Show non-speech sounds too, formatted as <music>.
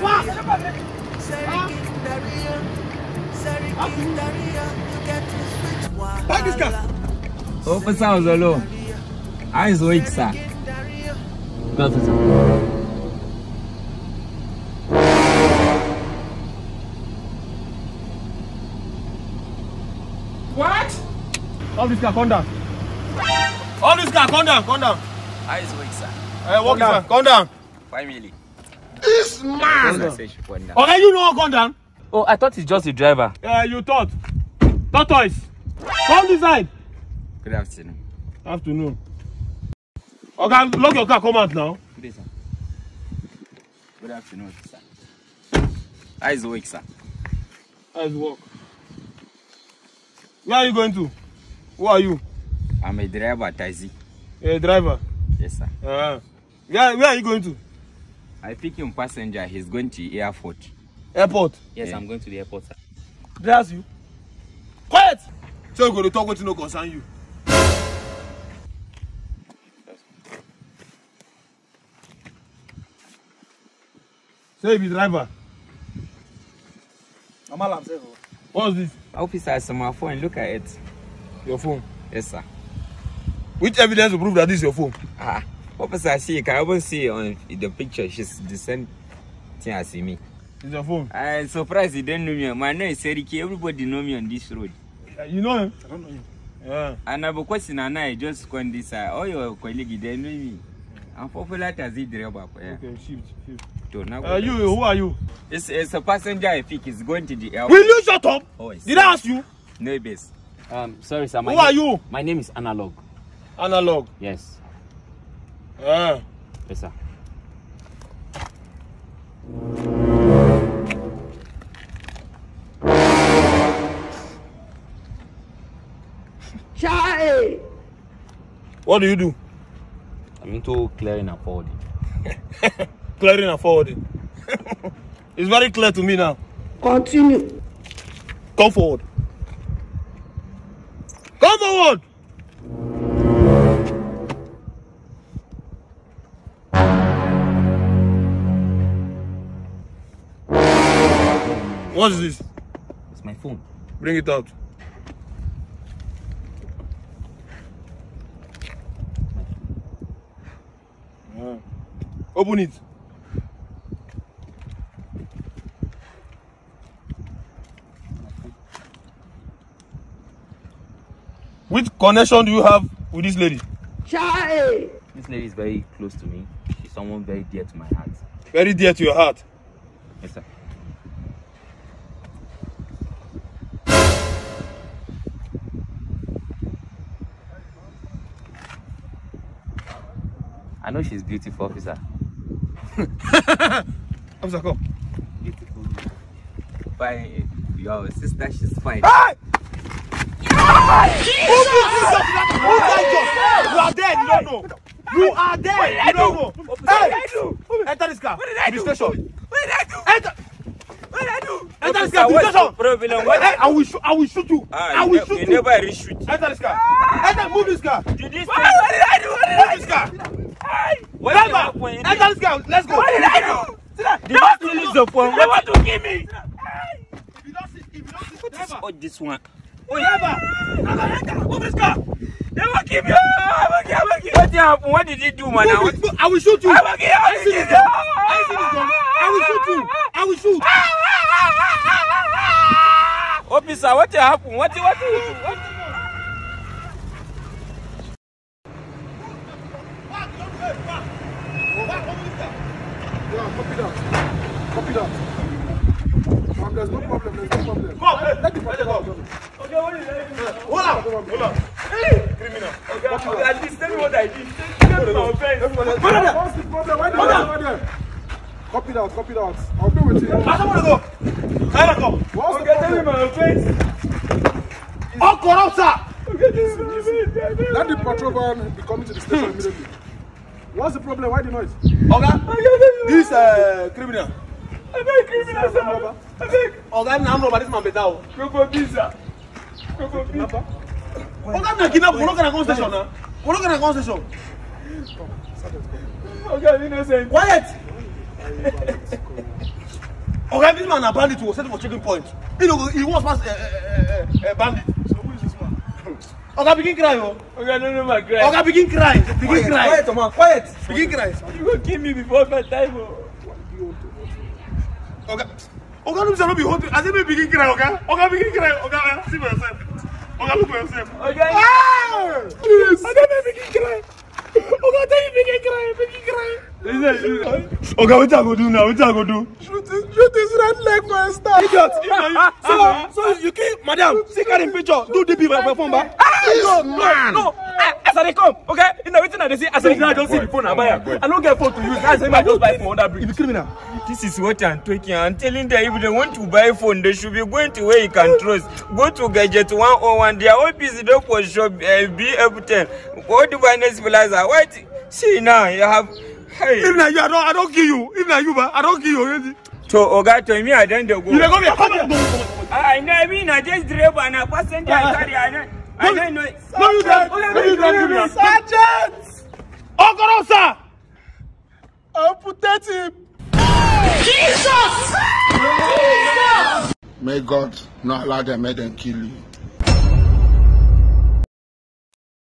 What? Daria, sounds alone. Eyes weak, sir. it. What? All this guy, calm down. All this guy, calm down, calm down. Eyes weak, sir. Hey, eh, walk, sir. Calm down. Finally. This man! Okay, you know what gone down? Oh, I thought it's just the driver. Yeah, you thought. Tortoise, come this side. Good afternoon. Afternoon. Okay, lock your car, come out now. Good day, sir. Good afternoon, sir. How is work, sir? How is work? Where are you going to? Who are you? I'm a driver, taxi. A driver? Yes, sir. Uh, where, where are you going to? I pick him passenger. He's going to the airport. Airport? Yes, yeah. I'm going to the airport, sir. There's you. Quiet! So you go to talk with no concern you. Save the driver. I'm all upset. Oh. What's this? Officer, it's my phone. Look at it. Your phone? Yes, sir. Which evidence will prove that this is your phone? Ah. Uh -huh. What was I see? You can even see on the picture. She's the same thing as me. It's your phone. I'm surprised you didn't know me. My name is Eric. Everybody know me on this road. Uh, you know him? I don't know him. Yeah. And I've a question, and I just go on this side. Uh, all your colleagues, they know me. I'm popular as a driver. Yeah. Okay, shift, shift. uh, you, who are you? It's, it's a passenger I think is going to the airport. Will you shut up? Oh, Did I ask you? No, base. Um, sorry, sir. My who are you? My name is Analog. Analog? Yes. Esa. Ah. Chai! What do you do? I'm into clearing and forwarding. <laughs> clearing and forwarding. <laughs> it's very clear to me now. Continue. Come forward. Come forward! What is this? It's my phone. Bring it out. Yeah. Open it. Which connection do you have with this lady? Chai! This lady is very close to me. She's someone very dear to my heart. Very dear to your heart? Yes, sir. I know she's beautiful, officer. <laughs> officer, come. Beautiful. Fine. Your sister, she's fine. Hey! Yeah! Jesus! Who put this up? Who You are dead, you don't know. You are dead, you don't know. What did I do? Enter this car. What did I do? What did I do? Enter. What did I do? Enter this car. What problem? What? I will shoot. I will shoot you. Ah, I will shoot you. You never reshoot. Enter this car. Enter. Move this car. Did this? What did I do? What did I do? Move this car. Remember, enter this girl. Let's go. What did I do? They want to lose the phone. They want to kill me. what is all this one? Remember, enter. Move this car. They will kill me. What happened? What did he do, man? I will, shoot you. I will kill. I will kill. I I will shoot you. I will shoot. <laughs> Officer, what happened? What? What? what, what copy that. Copy that. Ma'am, there's no problem, there's no problem. Go, hey, let the let go. Okay, what is it? Hold on, hold on. Hey! Criminal. Okay, okay, at least tell me what I did. Tell me my offense. What's the problem? Why did you over there? Copy that, copy that. I'll be with you. I don't want to go. I don't go. What's okay, tell me my offense. All corrupt, sir. Okay, let the patrol van be coming to the station hmm. immediately. What's the problem? Why the noise? Oga, this uh, criminal. I beg criminal, sir. I beg. Oga, I'm not robber. This man be down. for me, sir. Go for me. Oga, na kidnap. We're not gonna go station now. We're not to go station. Oga, I'm innocent. Quiet. Oga, this man a bandit. He was set for checking point. He, he was past a uh, uh, uh, uh, bandit. Oga begin cry oh. Oga no no ma cry. Oga begin cry. Begin quiet, cry. Quiet Oma quiet. Begin cry. You go kill me before my time oh. Oga Oga no say no be hold as if me begin cry Oga. Oga begin cry Oga see for yourself. Oga look for yourself. Oga. Ah! Yes. Oga me begin cry. Oga tell you begin cry begin cry. Oga, what I go do now? What I go do? Shoot this, red leg for a star. Idiot! <laughs> So, so you kill, madam. See, carry picture. Do DB for phone, ba this no, man. No, no. I, as I come, okay? You know, waiting at the see, as I now don't see the phone, I buy I don't get phone to use. As I just buy phone under bridge. You criminal. This is what I'm talking. I'm telling them if they want to buy phone, they should be going to where you can trust. Go to Gadget 101. are all busy don't for shop uh, BF10. What do buy next plaza? What? See now, you have. Hey. If not you, I don't, I don't kill you. If not you, I don't kill you. So, oga to me i don't go. you dey go be a passenger. i know i mean I just driver na passenger i <laughs> I don't No, you don't. Oh, no, you don't Sergeant! Ogoro, sir! Amputate him. Jesus! Jesus! May God not allow them, may them kill you.